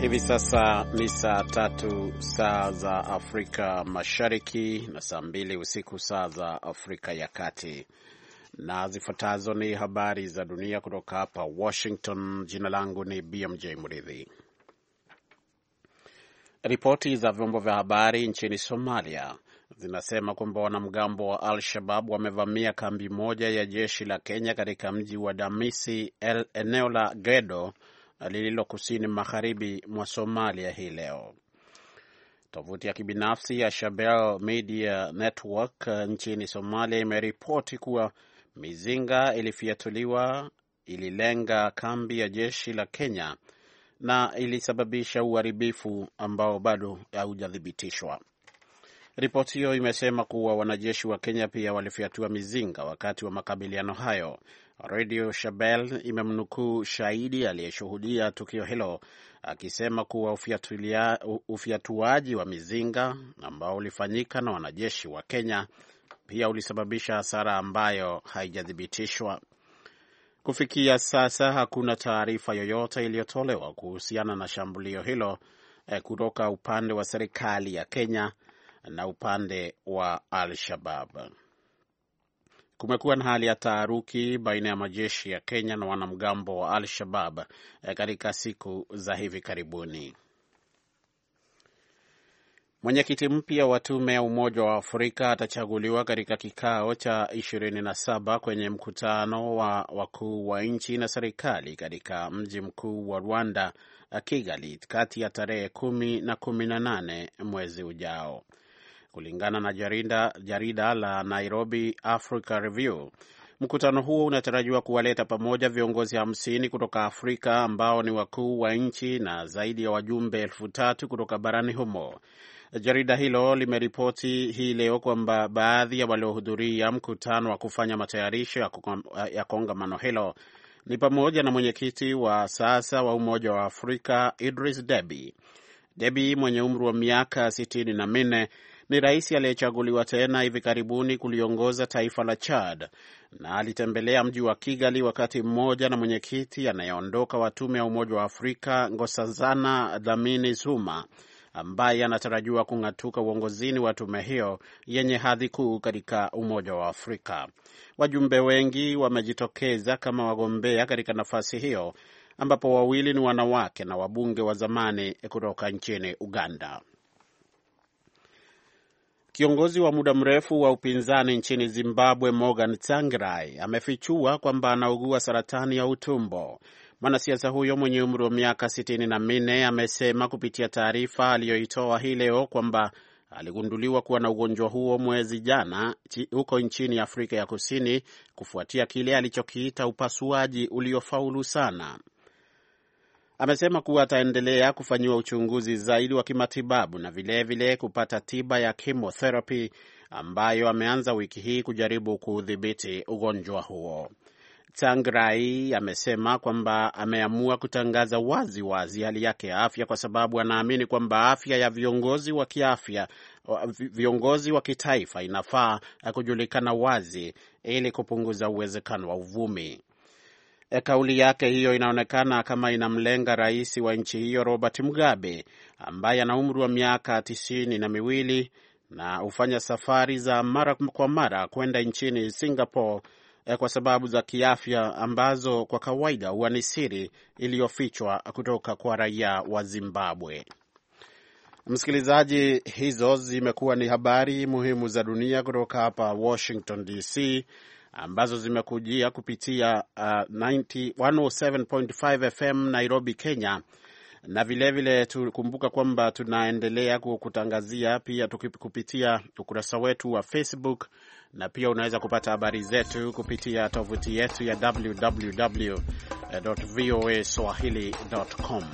Hivi sasa ni saa tatu saa za Afrika Mashariki na saa mbili usiku saa za Afrika ya Kati, na zifuatazo ni habari za dunia kutoka hapa Washington. Jina langu ni BMJ Mridhi. Ripoti za vyombo vya habari nchini Somalia zinasema kwamba wanamgambo wa Al-Shabab wamevamia kambi moja ya jeshi la Kenya katika mji wa Damisi, eneo la Gedo lililo kusini magharibi mwa Somalia hii leo. Tovuti ya kibinafsi ya Shabelle Media Network eh, nchini Somalia imeripoti kuwa mizinga ilifyatuliwa, ililenga kambi ya jeshi la Kenya na ilisababisha uharibifu ambao bado haujathibitishwa. Ripoti hiyo imesema kuwa wanajeshi wa Kenya pia walifyatua mizinga wakati wa makabiliano hayo. Radio Shabelle imemnukuu shahidi aliyeshuhudia tukio hilo akisema kuwa ufyatuaji wa mizinga ambao ulifanyika na wanajeshi wa Kenya pia ulisababisha hasara ambayo haijathibitishwa. Kufikia sasa hakuna taarifa yoyote iliyotolewa kuhusiana na shambulio hilo eh, kutoka upande wa serikali ya Kenya na upande wa Al-Shabab. Kumekuwa na hali ya taharuki baina ya majeshi ya Kenya na wanamgambo wa Al-Shabab eh, katika siku za hivi karibuni. Mwenyekiti mpya wa tume ya Umoja wa Afrika atachaguliwa katika kikao cha 27 kwenye mkutano wa wakuu wa nchi na serikali katika mji mkuu wa Rwanda, Kigali, kati ya tarehe kumi na kumi na nane mwezi ujao kulingana na jarida, jarida la Nairobi Africa Review. Mkutano huo unatarajiwa kuwaleta pamoja viongozi hamsini kutoka Afrika ambao ni wakuu wa nchi na zaidi ya wajumbe elfu tatu kutoka barani humo. Jarida hilo limeripoti hii leo kwamba baadhi ya waliohudhuria mkutano wa kufanya matayarisho ya kongamano hilo ni pamoja na mwenyekiti wa sasa wa Umoja wa Afrika Idris Deby. Deby mwenye umri wa miaka sitini na minne ni rais aliyechaguliwa tena hivi karibuni kuliongoza taifa la Chad na alitembelea mji wa Kigali wakati mmoja na mwenyekiti anayeondoka wa tume ya Umoja wa Afrika ngosazana Dlamini Zuma ambaye anatarajiwa kung'atuka uongozini wa tume hiyo yenye hadhi kuu katika Umoja wa Afrika. Wajumbe wengi wamejitokeza kama wagombea katika nafasi hiyo ambapo wawili ni wanawake na wabunge wa zamani kutoka nchini Uganda. Kiongozi wa muda mrefu wa upinzani nchini Zimbabwe, Morgan Tsvangirai amefichua kwamba anaugua saratani ya utumbo. Mwanasiasa huyo mwenye umri wa miaka sitini na minne amesema kupitia taarifa aliyoitoa hii leo kwamba aligunduliwa kuwa na ugonjwa huo mwezi jana huko nchini Afrika ya Kusini kufuatia kile alichokiita upasuaji uliofaulu sana amesema kuwa ataendelea kufanyiwa uchunguzi zaidi wa kimatibabu na vilevile vile kupata tiba ya chemotherapy ambayo ameanza wiki hii kujaribu kuudhibiti ugonjwa huo. Tsangrai amesema kwamba ameamua kutangaza wazi wazi hali yake ya afya kwa sababu anaamini kwamba afya ya viongozi wa kiafya, viongozi wa kitaifa inafaa kujulikana wazi ili kupunguza uwezekano wa uvumi. E, kauli yake hiyo inaonekana kama inamlenga rais wa nchi hiyo Robert Mugabe ambaye ana umri wa miaka tisini na miwili na hufanya safari za mara kwa mara kwenda nchini Singapore e, kwa sababu za kiafya ambazo kwa kawaida huwa ni siri iliyofichwa kutoka kwa raia wa Zimbabwe. Msikilizaji, hizo zimekuwa ni habari muhimu za dunia kutoka hapa Washington DC ambazo zimekujia kupitia uh, 107.5 FM Nairobi, Kenya na vilevile tukumbuka kwamba tunaendelea kukutangazia pia kupitia ukurasa wetu wa Facebook, na pia unaweza kupata habari zetu kupitia tovuti yetu ya www.voaswahili.com.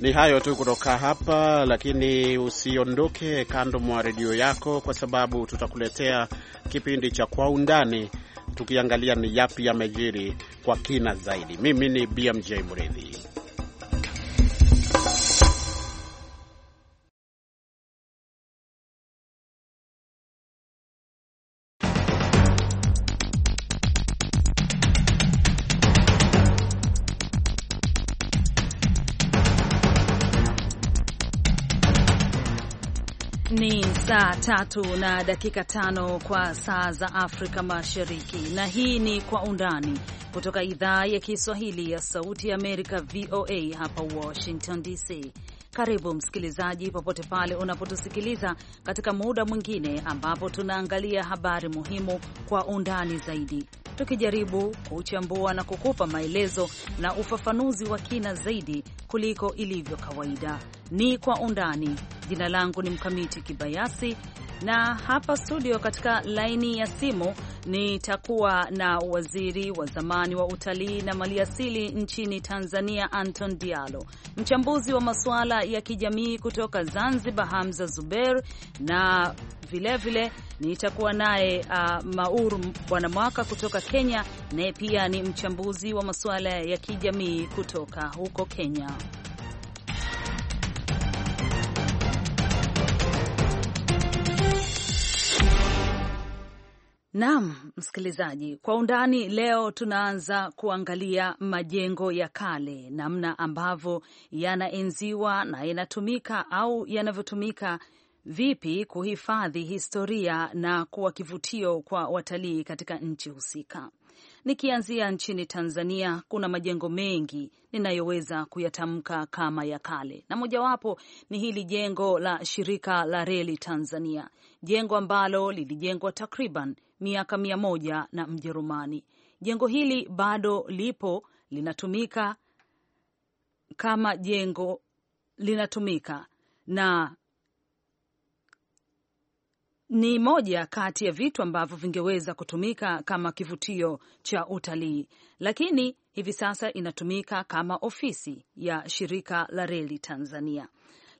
Ni hayo tu kutoka hapa, lakini usiondoke kando mwa redio yako, kwa sababu tutakuletea kipindi cha Kwa Undani tukiangalia ni yapi yamejiri kwa kina zaidi. Mimi ni BMJ Mridhi. tatu na dakika tano kwa saa za Afrika Mashariki, na hii ni Kwa Undani kutoka idhaa ya Kiswahili ya Sauti ya Amerika, VOA hapa Washington DC. Karibu msikilizaji, popote pale unapotusikiliza katika muda mwingine ambapo tunaangalia habari muhimu kwa undani zaidi, tukijaribu kuchambua na kukupa maelezo na ufafanuzi wa kina zaidi kuliko ilivyo kawaida. Ni kwa undani. Jina langu ni Mkamiti Kibayasi, na hapa studio katika laini ya simu nitakuwa na waziri wa zamani wa utalii na maliasili nchini Tanzania, Anton Diallo, mchambuzi wa masuala ya kijamii kutoka Zanzibar, Hamza Zuber, na vilevile nitakuwa naye uh, Maur Bwana Mwaka kutoka Kenya, naye pia ni mchambuzi wa masuala ya kijamii kutoka huko Kenya. Naam, msikilizaji, kwa undani leo tunaanza kuangalia majengo ya kale, namna ambavyo yanaenziwa na yanatumika au yanavyotumika vipi kuhifadhi historia na kuwa kivutio kwa watalii katika nchi husika. Nikianzia nchini Tanzania, kuna majengo mengi ninayoweza kuyatamka kama ya kale, na mojawapo ni hili jengo la shirika la reli Tanzania, jengo ambalo lilijengwa takriban miaka mia moja na Mjerumani. Jengo hili bado lipo linatumika kama jengo linatumika na ni moja kati ya vitu ambavyo vingeweza kutumika kama kivutio cha utalii, lakini hivi sasa inatumika kama ofisi ya shirika la reli Tanzania.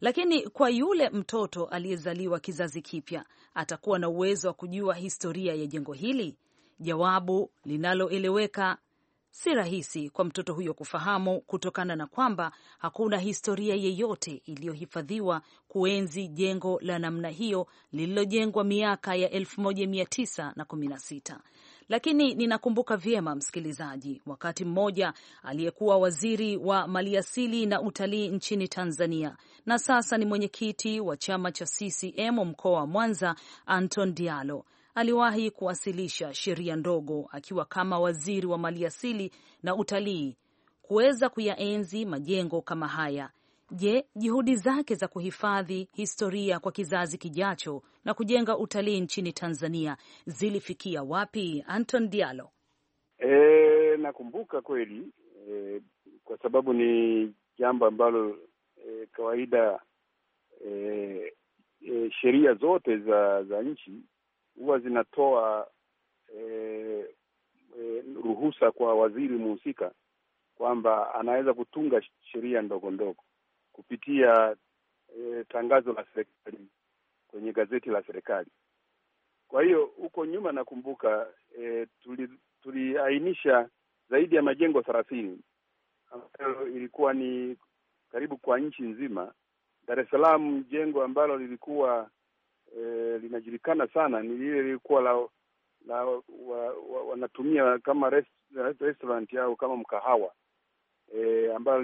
Lakini kwa yule mtoto aliyezaliwa kizazi kipya, atakuwa na uwezo wa kujua historia ya jengo hili? Jawabu linaloeleweka si rahisi kwa mtoto huyo kufahamu kutokana na kwamba hakuna historia yeyote iliyohifadhiwa kuenzi jengo la namna hiyo lililojengwa miaka ya 1916. Lakini ninakumbuka vyema, msikilizaji, wakati mmoja aliyekuwa waziri wa maliasili na utalii nchini Tanzania na sasa ni mwenyekiti wa chama cha CCM mkoa wa Mwanza, Anton Diallo aliwahi kuwasilisha sheria ndogo akiwa kama waziri wa maliasili na utalii kuweza kuyaenzi majengo kama haya Je, juhudi zake za kuhifadhi historia kwa kizazi kijacho na kujenga utalii nchini Tanzania zilifikia wapi, Anton Diallo? E, nakumbuka kweli e, kwa sababu ni jambo ambalo e, kawaida e, e, sheria zote za za nchi huwa zinatoa e, e, ruhusa kwa waziri muhusika kwamba anaweza kutunga sheria ndogo ndogo kupitia e, tangazo la serikali kwenye gazeti la serikali. Kwa hiyo huko nyuma nakumbuka e, tuliainisha tuli zaidi ya majengo thelathini ambayo ilikuwa ni karibu kwa nchi nzima. Dar es Salaam jengo ambalo lilikuwa e, linajulikana sana ni lile lilikuwa la la wanatumia wa, wa kama rest, restaurant au kama mkahawa e, ambalo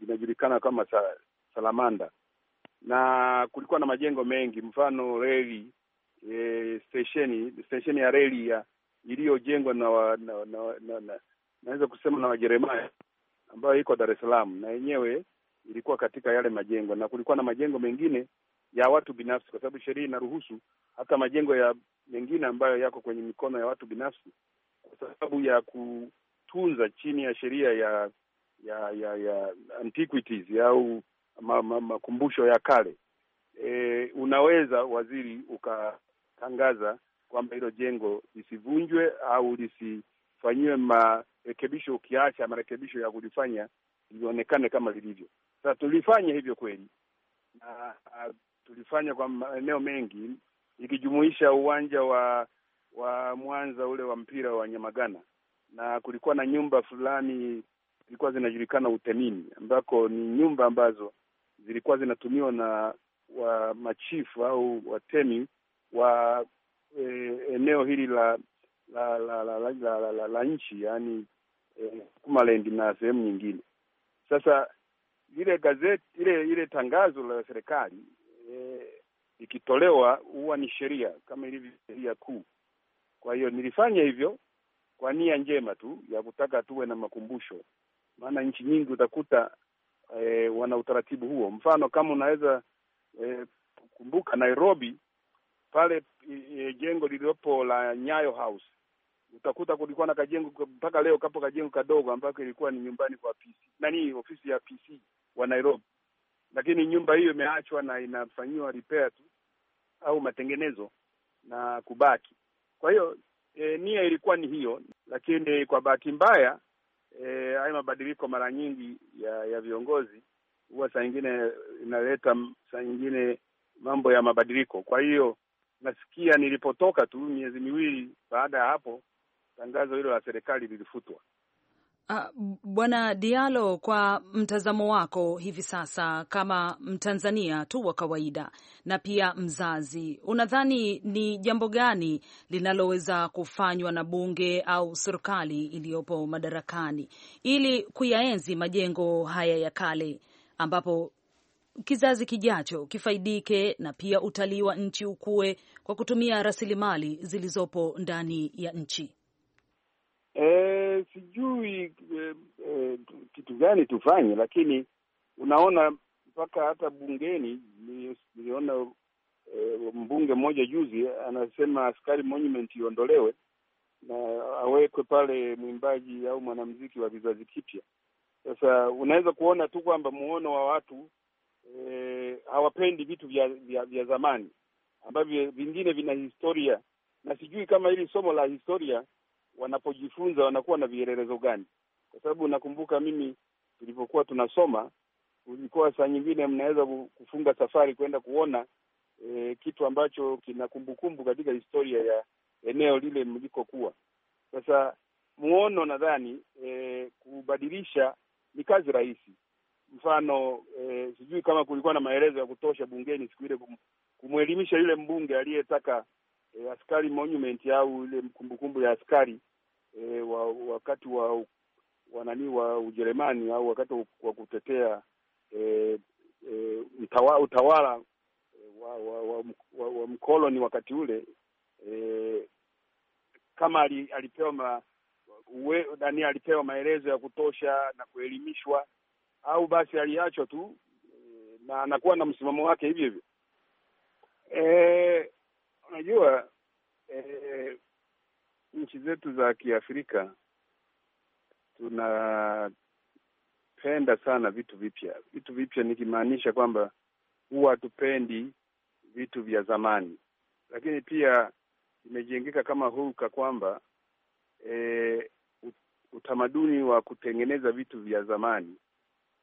linajulikana kama sa, Salamanda, na kulikuwa na majengo mengi, mfano reli e, stesheni stesheni ya reli ya iliyojengwa na naweza na, na, na, na, kusema na wajeremani ambayo iko Dar es Salaam na yenyewe ilikuwa katika yale majengo, na kulikuwa na majengo mengine ya watu binafsi, kwa sababu sheria inaruhusu hata majengo ya mengine ambayo yako kwenye mikono ya watu binafsi, kwa sababu ya kutunza chini ya sheria ya ya ya ya antiquities au makumbusho ma, ma, ya kale e, unaweza waziri ukatangaza kwamba hilo jengo lisivunjwe au lisifanyiwe marekebisho, ukiacha marekebisho ya kulifanya lionekane kama lilivyo sasa. Tulifanya hivyo kweli, na tulifanya kwa maeneo mengi ikijumuisha uwanja wa wa Mwanza ule wa mpira wa Nyamagana, na kulikuwa na nyumba fulani zilikuwa zinajulikana utemini ambako ni nyumba ambazo zilikuwa zinatumiwa na wa machifu au watemi wa e, eneo hili la la la, la, la, la, la, la, la nchi yani e, Kumaland na sehemu nyingine. Sasa ile gazeti ile ile tangazo la serikali e, ikitolewa huwa ni sheria kama ilivyo sheria kuu. Kwa hiyo nilifanya hivyo kwa nia njema tu ya kutaka tuwe na makumbusho maana nchi nyingi utakuta e, wana utaratibu huo. Mfano kama unaweza e, kumbuka Nairobi pale e, jengo lililopo la Nyayo House utakuta kulikuwa na kajengo mpaka leo kapo kajengo kadogo ambako ilikuwa ni nyumbani kwa PC nani ofisi ya PC wa Nairobi, lakini nyumba hiyo imeachwa na inafanyiwa repair tu au matengenezo na kubaki. Kwa hiyo e, nia ilikuwa ni hiyo, lakini kwa bahati mbaya E, haya e, mabadiliko mara nyingi ya ya viongozi huwa saa nyingine inaleta saa nyingine mambo ya mabadiliko. Kwa hiyo nasikia nilipotoka tu miezi miwili baada ya hapo, tangazo hilo la serikali lilifutwa. Uh, Bwana Diallo, kwa mtazamo wako hivi sasa kama Mtanzania tu wa kawaida na pia mzazi, unadhani ni jambo gani linaloweza kufanywa na bunge au serikali iliyopo madarakani ili kuyaenzi majengo haya ya kale ambapo kizazi kijacho kifaidike na pia utalii wa nchi ukue kwa kutumia rasilimali zilizopo ndani ya nchi? E, sijui e, e, kitu gani tufanye, lakini unaona mpaka hata bungeni niliona e, mbunge mmoja juzi anasema askari monument iondolewe na awekwe pale mwimbaji au mwanamuziki wa vizazi kipya. Sasa unaweza kuona tu kwamba muono wa watu e, hawapendi vitu vya, vya, vya zamani ambavyo vingine vina historia, na sijui kama hili somo la historia wanapojifunza wanakuwa na vielelezo gani? Kwa sababu nakumbuka mimi tulipokuwa tunasoma, ulikuwa saa nyingine mnaweza kufunga safari kwenda kuona e, kitu ambacho kina kumbukumbu katika historia ya eneo lile mlikokuwa. Sasa muono nadhani e, kubadilisha ni kazi rahisi. Mfano e, sijui kama kulikuwa na maelezo ya kutosha bungeni siku ile kum, kumwelimisha yule mbunge aliyetaka e, askari monument au ile kumbukumbu ya askari e, wa, wakati wa wanani wa Ujerumani au wakati wa kutetea e, e, utawa, utawala wa, wa, wa, wa, wa mkoloni wakati ule e, kama alipewa ma, uwe, nani alipewa maelezo ya kutosha na kuelimishwa au basi aliachwa tu e, na anakuwa na msimamo wake hivyo hivyo. Unajua e, nchi zetu za Kiafrika tunapenda sana vitu vipya. Vitu vipya nikimaanisha kwamba huwa hatupendi vitu vya zamani, lakini pia imejengeka kama hulka kwamba e, utamaduni wa kutengeneza vitu vya zamani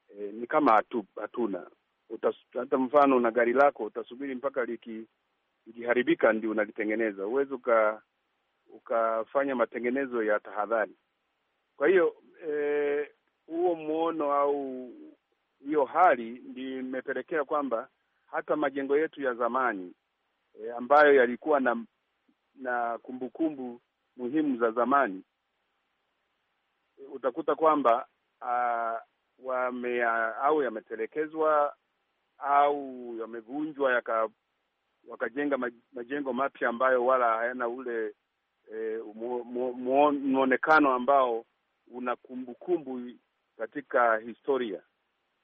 e, ni kama hatu, hatuna hata mfano na gari lako utasubiri mpaka liki- likiharibika ndio unalitengeneza. Huwezi ukafanya matengenezo ya tahadhari. Kwa hiyo e, huo e, muono au hiyo hali ndio imepelekea kwamba hata majengo yetu ya zamani e, ambayo yalikuwa na na kumbukumbu kumbu muhimu za zamani utakuta kwamba wame au yametelekezwa au yamevunjwa yaka wakajenga majengo mapya ambayo wala hayana ule e, mwonekano ambao una kumbukumbu katika historia.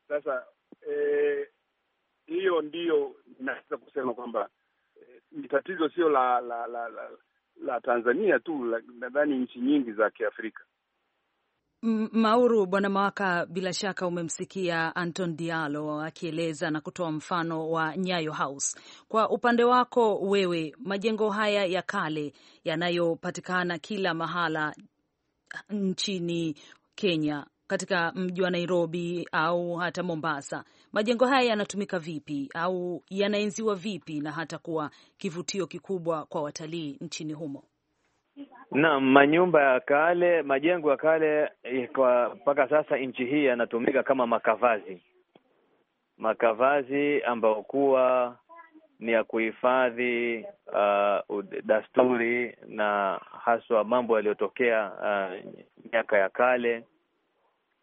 Sasa eh, hiyo e, ndiyo inaweza kusema kwamba eh, ni tatizo sio la la, la la la Tanzania tu, nadhani nchi nyingi za Kiafrika. Mauru Bwana Mawaka, bila shaka umemsikia Anton Diallo akieleza na kutoa mfano wa Nyayo House. Kwa upande wako wewe, majengo haya ya kale yanayopatikana kila mahala nchini Kenya, katika mji wa Nairobi au hata Mombasa, majengo haya yanatumika vipi au yanaenziwa vipi na hata kuwa kivutio kikubwa kwa watalii nchini humo? Naam, manyumba ya kale, majengo ya kale eh, kwa mpaka sasa nchi hii yanatumika kama makavazi, makavazi ambayo kuwa ni ya kuhifadhi uh, dasturi na haswa mambo yaliyotokea uh, miaka ya kale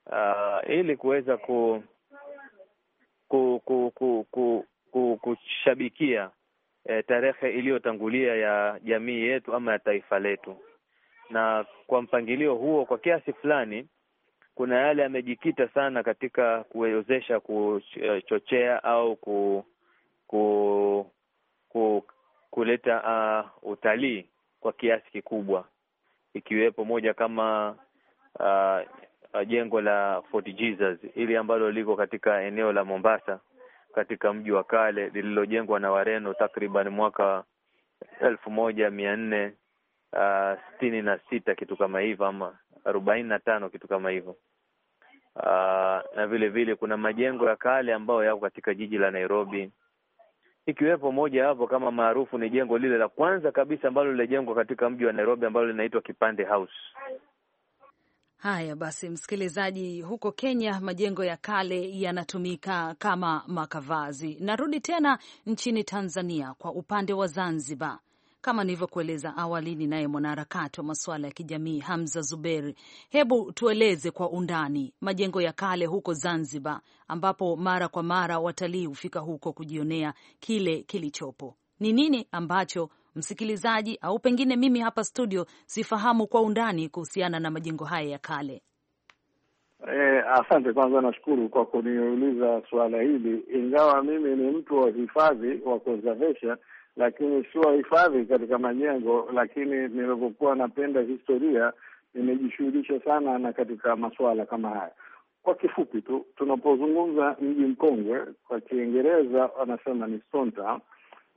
uh, ili kuweza ku, ku, ku, ku, ku, ku, kushabikia e, tarehe iliyotangulia ya jamii yetu ama ya taifa letu. Na kwa mpangilio huo, kwa kiasi fulani, kuna yale yamejikita sana katika kuwezesha kuchochea au ku, ku, ku kuleta uh, utalii kwa kiasi kikubwa, ikiwepo moja kama uh, jengo la Fort Jesus ili ambalo liko katika eneo la Mombasa katika mji wa kale lililojengwa na Wareno takriban mwaka elfu moja mia nne uh, sitini na sita kitu kama hivyo ama arobaini na tano kitu kama hivyo. Uh, na vile vile kuna majengo ya kale ambayo yako katika jiji la Nairobi, ikiwepo moja hapo kama maarufu ni jengo lile la kwanza kabisa ambalo lilijengwa katika mji wa Nairobi ambalo linaitwa Kipande House. Haya basi, msikilizaji, huko Kenya majengo ya kale yanatumika kama makavazi. Narudi tena nchini Tanzania, kwa upande wa Zanzibar, kama nilivyokueleza awali, ni naye mwanaharakati wa masuala ya kijamii Hamza Zuberi. Hebu tueleze kwa undani majengo ya kale huko Zanzibar, ambapo mara kwa mara watalii hufika huko kujionea kile kilichopo. Ni nini ambacho msikilizaji au pengine mimi hapa studio sifahamu kwa undani kuhusiana na majengo haya ya kale? Eh, asante kwanza, nashukuru kwa kuniuliza suala hili, ingawa mimi ni mtu wa hifadhi wa conservation, lakini wa hifadhi katika majengo. Lakini nilivyokuwa napenda historia, nimejishughulisha sana na katika masuala kama haya. Kwa kifupi tu, tunapozungumza mji mkongwe, kwa Kiingereza wanasema ni Stone Town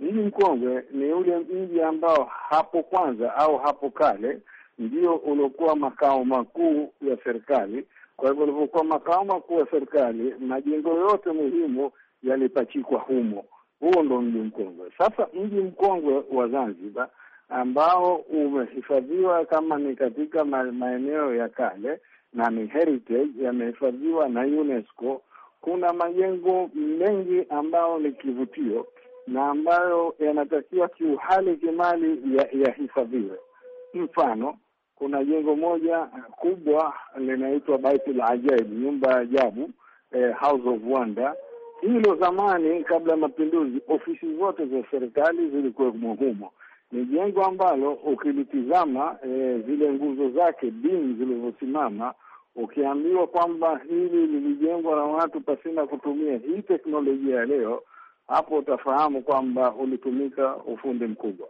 Mji mkongwe ni ule mji ambao hapo kwanza au hapo kale ndio uliokuwa makao makuu ya serikali. Kwa hivyo ulivyokuwa makao makuu ya serikali, majengo yote muhimu yalipachikwa humo. Huo ndo mji mkongwe. Sasa mji mkongwe wa Zanzibar ambao umehifadhiwa kama ni katika maeneo ya kale na ni heritage, yamehifadhiwa na UNESCO. Kuna majengo mengi ambayo ni kivutio na ambayo yanatakiwa kiuhali kimali yahifadhiwe. Ya mfano, kuna jengo moja kubwa linaitwa Baitul Ajaib, nyumba ya ajabu, eh, House of Wonder. Hilo zamani kabla ya mapinduzi, ofisi zote za serikali zilikuwemo humo. Ni jengo ambalo ukilitizama, eh, zile nguzo zake dini zilizosimama ukiambiwa kwamba hili lilijengwa na watu pasina kutumia hii teknolojia ya leo, hapo utafahamu kwamba ulitumika ufundi mkubwa.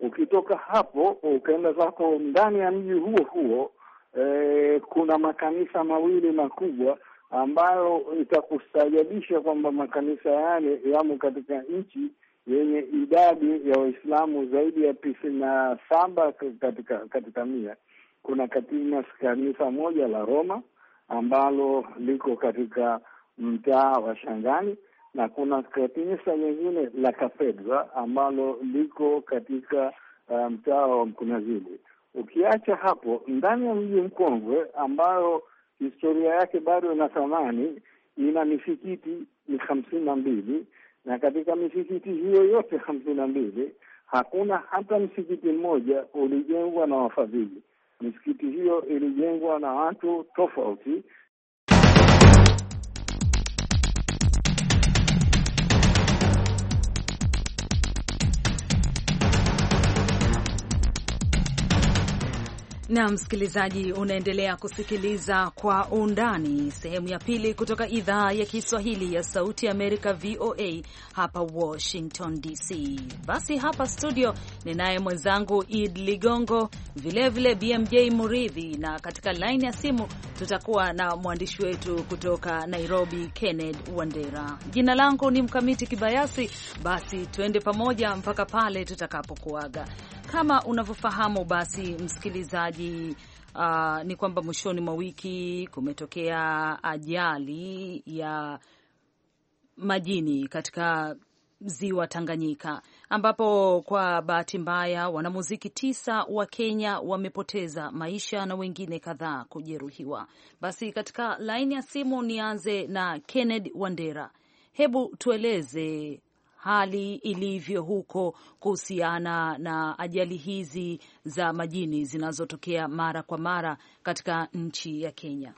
Ukitoka hapo ukaenda zako ndani ya mji huo huo, e, kuna makanisa mawili makubwa ambayo itakustajabisha kwamba makanisa yale yamo katika nchi yenye idadi ya Waislamu zaidi ya tisini na saba katika katika mia. Kuna katika kanisa moja la Roma ambalo liko katika mtaa wa Shangani na kuna kanisa lingine la kafedra ambalo liko katika mtaa eh, mtaa wa mkunazili Ukiacha hapo, ndani ya mji mkongwe ambayo historia yake bado ina thamani, ina misikiti ni hamsini na mbili na katika misikiti hiyo yote hamsini na mbili hakuna hata msikiti mmoja ulijengwa na wafadhili. Misikiti hiyo ilijengwa na watu tofauti Na msikilizaji, unaendelea kusikiliza Kwa Undani, sehemu ya pili kutoka idhaa ya Kiswahili ya Sauti ya Amerika, VOA hapa Washington DC. Basi hapa studio ninaye mwenzangu Id Ligongo, vilevile BMJ Muridhi, na katika laini ya simu tutakuwa na mwandishi wetu kutoka Nairobi, Kenneth Wandera. Jina langu ni Mkamiti Kibayasi. Basi tuende pamoja mpaka pale tutakapokuaga. Kama unavyofahamu basi, msikilizaji, uh, ni kwamba mwishoni mwa wiki kumetokea ajali ya majini katika ziwa Tanganyika ambapo kwa bahati mbaya wanamuziki tisa wa Kenya wamepoteza maisha na wengine kadhaa kujeruhiwa. Basi katika laini ya simu nianze na Kenneth Wandera, hebu tueleze hali ilivyo huko kuhusiana na ajali hizi za majini zinazotokea mara kwa mara katika nchi ya Kenya?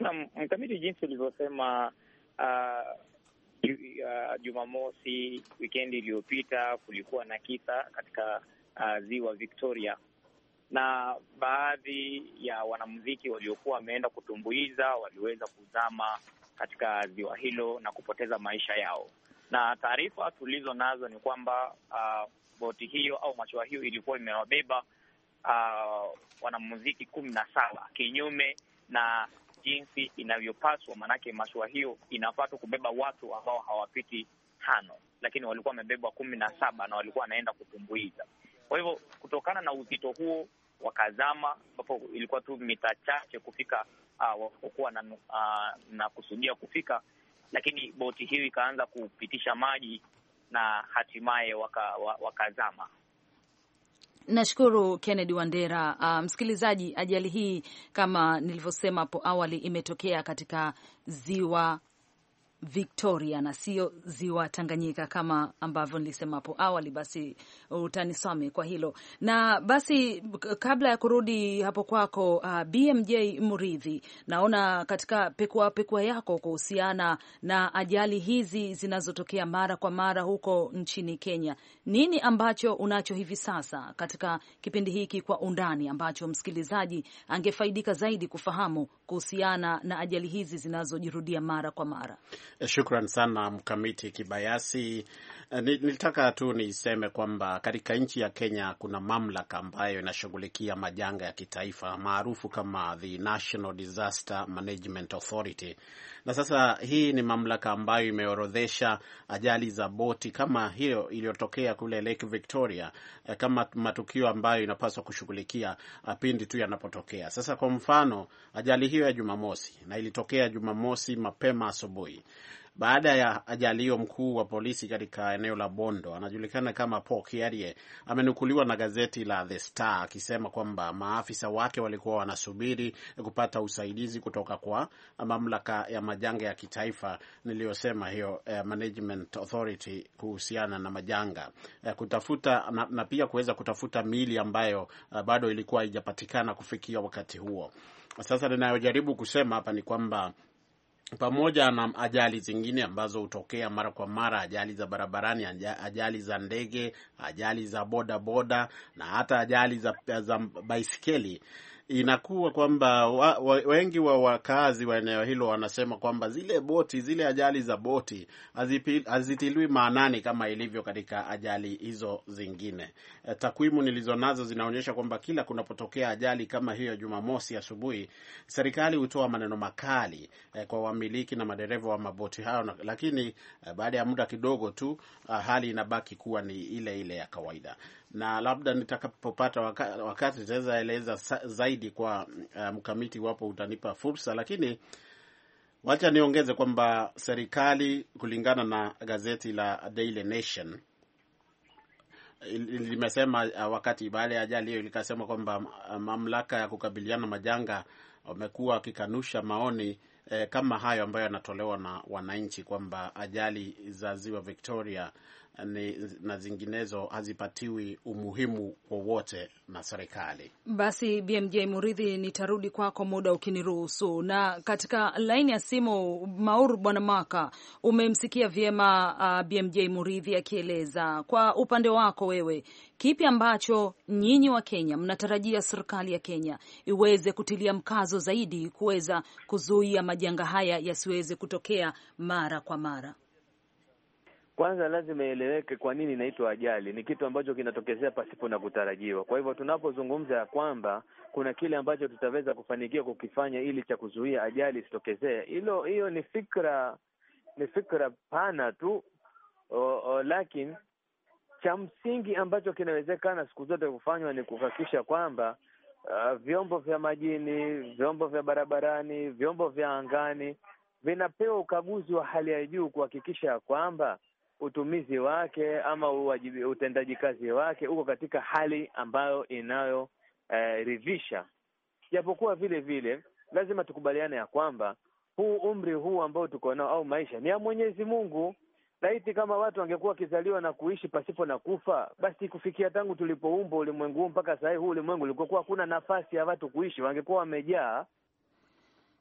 Naam, mkamiti, jinsi ulivyosema uh... Uh, Jumamosi wikendi iliyopita kulikuwa na kisa katika uh, ziwa Victoria, na baadhi ya wanamuziki waliokuwa wameenda kutumbuiza waliweza kuzama katika ziwa hilo na kupoteza maisha yao na taarifa tulizo nazo ni kwamba uh, boti hiyo au mashua hiyo ilikuwa imewabeba uh, wanamuziki kumi na saba kinyume na jinsi inavyopaswa, maanake mashua hiyo inafaa tu kubeba watu ambao hawapiti tano, lakini walikuwa wamebebwa kumi na saba na walikuwa wanaenda kutumbuiza. Kwa hivyo kutokana na uzito huo wakazama, ambapo ilikuwa tu mita chache kufika uh, ah, walipokuwa na, uh, na kusudia kufika lakini boti hiyo ikaanza kupitisha maji na hatimaye wakazama waka Nashukuru Kennedy Wandera. Uh, msikilizaji, ajali hii kama nilivyosema hapo awali imetokea katika ziwa Victoria na sio ziwa Tanganyika kama ambavyo nilisema hapo awali. Basi utanisome kwa hilo. Na basi kabla ya kurudi hapo kwako, uh, BMJ Muridhi, naona katika pekua pekua yako kuhusiana na ajali hizi zinazotokea mara kwa mara huko nchini Kenya, nini ambacho unacho hivi sasa katika kipindi hiki kwa undani ambacho msikilizaji angefaidika zaidi kufahamu kuhusiana na ajali hizi zinazojirudia mara kwa mara? Shukran sana Mkamiti Kibayasi. Eh, nilitaka tu niseme kwamba katika nchi ya Kenya kuna mamlaka ambayo inashughulikia majanga ya kitaifa maarufu kama the National Disaster Management Authority na sasa hii ni mamlaka ambayo imeorodhesha ajali za boti kama hiyo iliyotokea kule Lake Victoria eh, kama matukio ambayo inapaswa kushughulikia eh, pindi tu yanapotokea. Sasa kwa mfano, ajali hiyo ya Jumamosi na ilitokea Jumamosi mapema asubuhi, baada ya ajali hiyo. Mkuu wa polisi katika eneo la Bondo anajulikana kama Paul amenukuliwa na gazeti la The Star akisema kwamba maafisa wake walikuwa wanasubiri kupata usaidizi kutoka kwa mamlaka ya majanga ya kitaifa niliyosema hiyo, eh, Management Authority kuhusiana na majanga eh, kutafuta na, na pia kuweza kutafuta mili ambayo eh, bado ilikuwa haijapatikana kufikia wakati huo. Sasa ninayojaribu kusema hapa ni kwamba pamoja na ajali zingine ambazo hutokea mara kwa mara, ajali za barabarani, ajali za ndege, ajali za bodaboda boda, na hata ajali za, za baisikeli inakuwa kwamba wa, wa, wengi wa wakazi wa eneo hilo wanasema kwamba zile boti zile ajali za boti hazitiliwi maanani kama ilivyo katika ajali hizo zingine. E, takwimu nilizonazo zinaonyesha kwamba kila kunapotokea ajali kama hiyo Jumamosi asubuhi, serikali hutoa maneno makali e, kwa wamiliki na madereva wa maboti hayo, lakini e, baada ya muda kidogo tu a, ah, hali inabaki kuwa ni ile ile ya kawaida na labda nitakapopata wakati, wakati nitaweza eleza zaidi kwa uh, mkamiti wapo utanipa fursa, lakini wacha niongeze kwamba serikali kulingana na gazeti la Daily Nation limesema eh, wakati baada ya ajali hiyo, likasema kwamba eh, mamlaka ya kukabiliana majanga wamekuwa wakikanusha maoni eh, kama hayo ambayo yanatolewa na wananchi kwamba ajali za ziwa Victoria na zinginezo hazipatiwi umuhimu wowote na serikali. Basi BMJ Muridhi, nitarudi kwako muda ukiniruhusu. Na katika laini ya simu, Maur Bwana Maka, umemsikia vyema uh, BMJ Muridhi akieleza kwa upande wako wewe, kipi ambacho nyinyi wa Kenya mnatarajia serikali ya Kenya iweze kutilia mkazo zaidi kuweza kuzuia majanga haya yasiweze kutokea mara kwa mara? Kwanza lazima ieleweke kwa nini inaitwa ajali. Ni kitu ambacho kinatokezea pasipo na kutarajiwa. Kwa hivyo tunapozungumza ya kwamba kuna kile ambacho tutaweza kufanikiwa kukifanya ili cha kuzuia ajali isitokezee, hilo hiyo ni fikra, ni fikra pana tu, lakini cha msingi ambacho kinawezekana siku zote kufanywa ni kuhakikisha kwamba uh, vyombo vya majini, vyombo vya barabarani, vyombo vya angani vinapewa ukaguzi wa hali ya juu kuhakikisha kwamba utumizi wake ama uwajibi, utendaji kazi wake uko katika hali ambayo inayoridhisha. eh, japokuwa vile vile lazima tukubaliane ya kwamba huu umri huu ambao tuko nao au maisha ni ya Mwenyezi Mungu. Laiti kama watu wangekuwa wakizaliwa na kuishi pasipo na kufa, basi kufikia tangu tulipoumbwa ulimwengu huu mpaka saa hii, huu ulimwengu ulikokuwa hakuna nafasi ya watu kuishi, wangekuwa wamejaa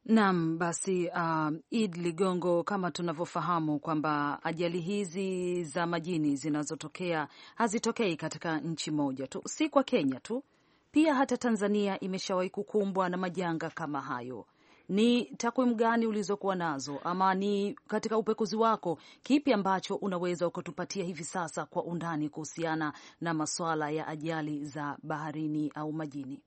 Naam, basi uh, Id Ligongo, kama tunavyofahamu kwamba ajali hizi za majini zinazotokea hazitokei katika nchi moja tu, si kwa Kenya tu, pia hata Tanzania imeshawahi kukumbwa na majanga kama hayo ni takwimu gani ulizokuwa nazo, ama ni katika upekuzi wako, kipi ambacho unaweza ukatupatia hivi sasa kwa undani kuhusiana na masuala ya ajali za baharini au majini?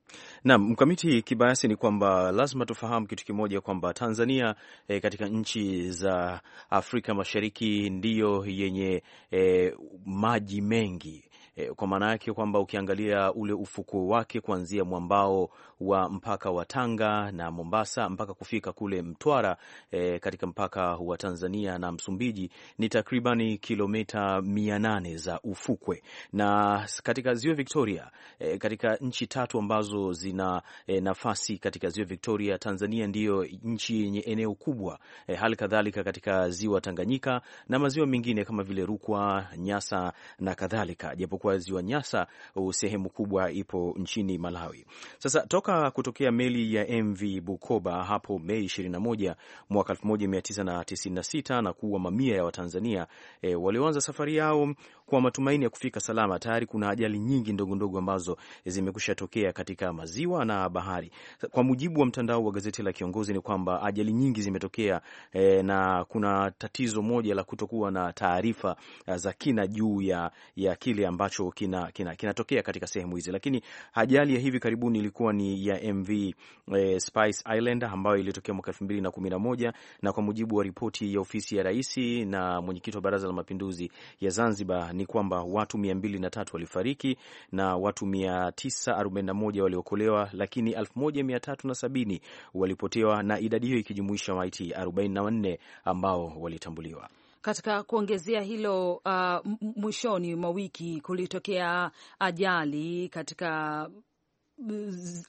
Naam, mkamiti kibayasi, ni kwamba lazima tufahamu kitu kimoja kwamba Tanzania e, katika nchi za Afrika Mashariki ndiyo yenye e, maji mengi E, kwa maana yake kwamba ukiangalia ule ufuko wake kuanzia mwambao wa mpaka wa Tanga na Mombasa mpaka kufika kule Mtwara e, katika mpaka wa Tanzania na Msumbiji ni takribani kilomita mia nane za ufukwe, na katika ziwa Victoria e, katika nchi tatu ambazo zina e, nafasi katika ziwa Victoria, Tanzania ndiyo nchi yenye eneo kubwa e, hali kadhalika katika ziwa Tanganyika na maziwa mengine kama vile Rukwa, Nyasa na kadhalika japo kwa ziwa Nyasa, sehemu kubwa ipo nchini Malawi. Sasa toka kutokea meli ya MV Bukoba hapo Mei 21 mwaka 1996 na kuua mamia ya Watanzania e, walioanza safari yao kwa matumaini ya kufika salama. Tayari kuna ajali nyingi ndogo ndogo ambazo zimekusha tokea katika maziwa na bahari. Kwa mujibu wa mtandao wa gazeti la Kiongozi ni kwamba ajali nyingi zimetokea e, na kuna tatizo moja la kutokuwa na taarifa eh, za kina juu ya, ya kile ambacho kinatokea kina, kina katika sehemu hizi, lakini ajali ya hivi karibuni ilikuwa ni ya MV e, eh, Spice Island ambayo ilitokea mwaka elfu mbili na kumi na moja na kwa mujibu wa ripoti ya ofisi ya rais na mwenyekiti wa Baraza la Mapinduzi ya Zanzibar ni kwamba watu 203 walifariki na watu 941 waliokolewa, lakini 1370 walipotewa na idadi hiyo ikijumuisha maiti 44 ambao walitambuliwa. Katika kuongezea hilo, uh, mwishoni mwa wiki kulitokea ajali katika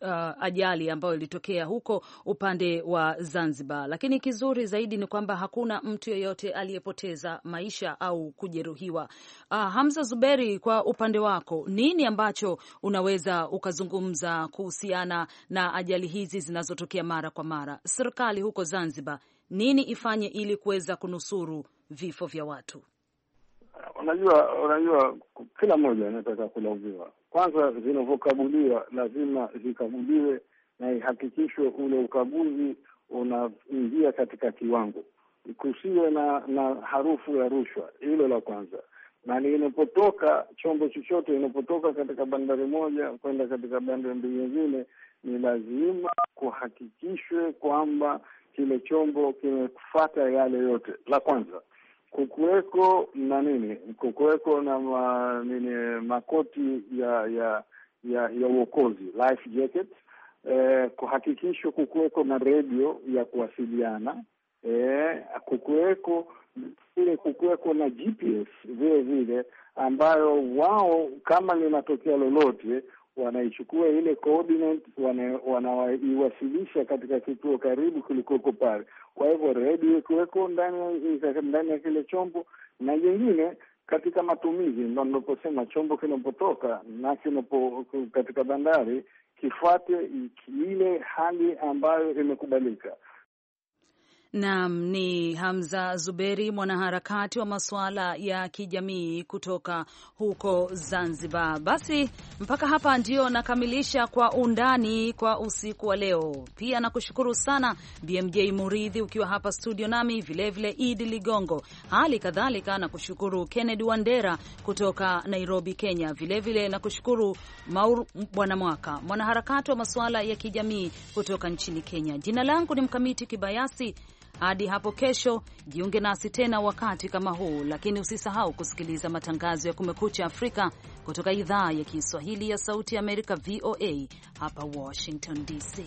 uh, ajali ambayo ilitokea huko upande wa Zanzibar, lakini kizuri zaidi ni kwamba hakuna mtu yeyote aliyepoteza maisha au kujeruhiwa. Uh, Hamza Zuberi, kwa upande wako nini ambacho unaweza ukazungumza kuhusiana na ajali hizi zinazotokea mara kwa mara? Serikali huko Zanzibar nini ifanye ili kuweza kunusuru vifo vya watu? Unajua, unajua kila mmoja anataka kulaumiwa kwanza zinavyokaguliwa lazima zikaguliwe na ihakikishwe ule ukaguzi unaingia katika kiwango, kusiwe na na harufu ya rushwa. Hilo la kwanza. Na inapotoka chombo chochote, inapotoka katika bandari moja kwenda katika bandari nyingine, ni lazima kuhakikishwe kwamba kile chombo kimefata yale yote, la kwanza kukuweko na nini, kukuweko na ma, nini, makoti ya ya ya, ya uokozi life jacket eh, kuhakikishwa kukuweko na redio ya kuwasiliana eh, kukuweko vile kukuweko na GPS vile vile ambayo wao kama linatokea lolote wanaichukua ile coordinate wanawaiwasilisha wana katika kituo karibu kilikoko pale. Kwa hivyo redio ikiweko ndani ya kile chombo na jengine katika matumizi, ndo naposema chombo kinapotoka na kinapo katika bandari kifuate ile hali ambayo imekubalika. Naam, ni Hamza Zuberi, mwanaharakati wa masuala ya kijamii kutoka huko Zanzibar. Basi mpaka hapa ndio nakamilisha Kwa Undani kwa usiku wa leo. Pia nakushukuru sana BMJ Muridhi ukiwa hapa studio, nami vilevile Idi Ligongo, hali kadhalika nakushukuru Kennedy Wandera kutoka Nairobi, Kenya. Vilevile nakushukuru Maur Bwana Mwaka, mwanaharakati wa masuala ya kijamii kutoka nchini Kenya. Jina langu ni Mkamiti Kibayasi. Hadi hapo kesho, jiunge nasi tena wakati kama huu, lakini usisahau kusikiliza matangazo ya Kumekucha Afrika kutoka idhaa ya Kiswahili ya Sauti ya Amerika, VOA hapa Washington DC.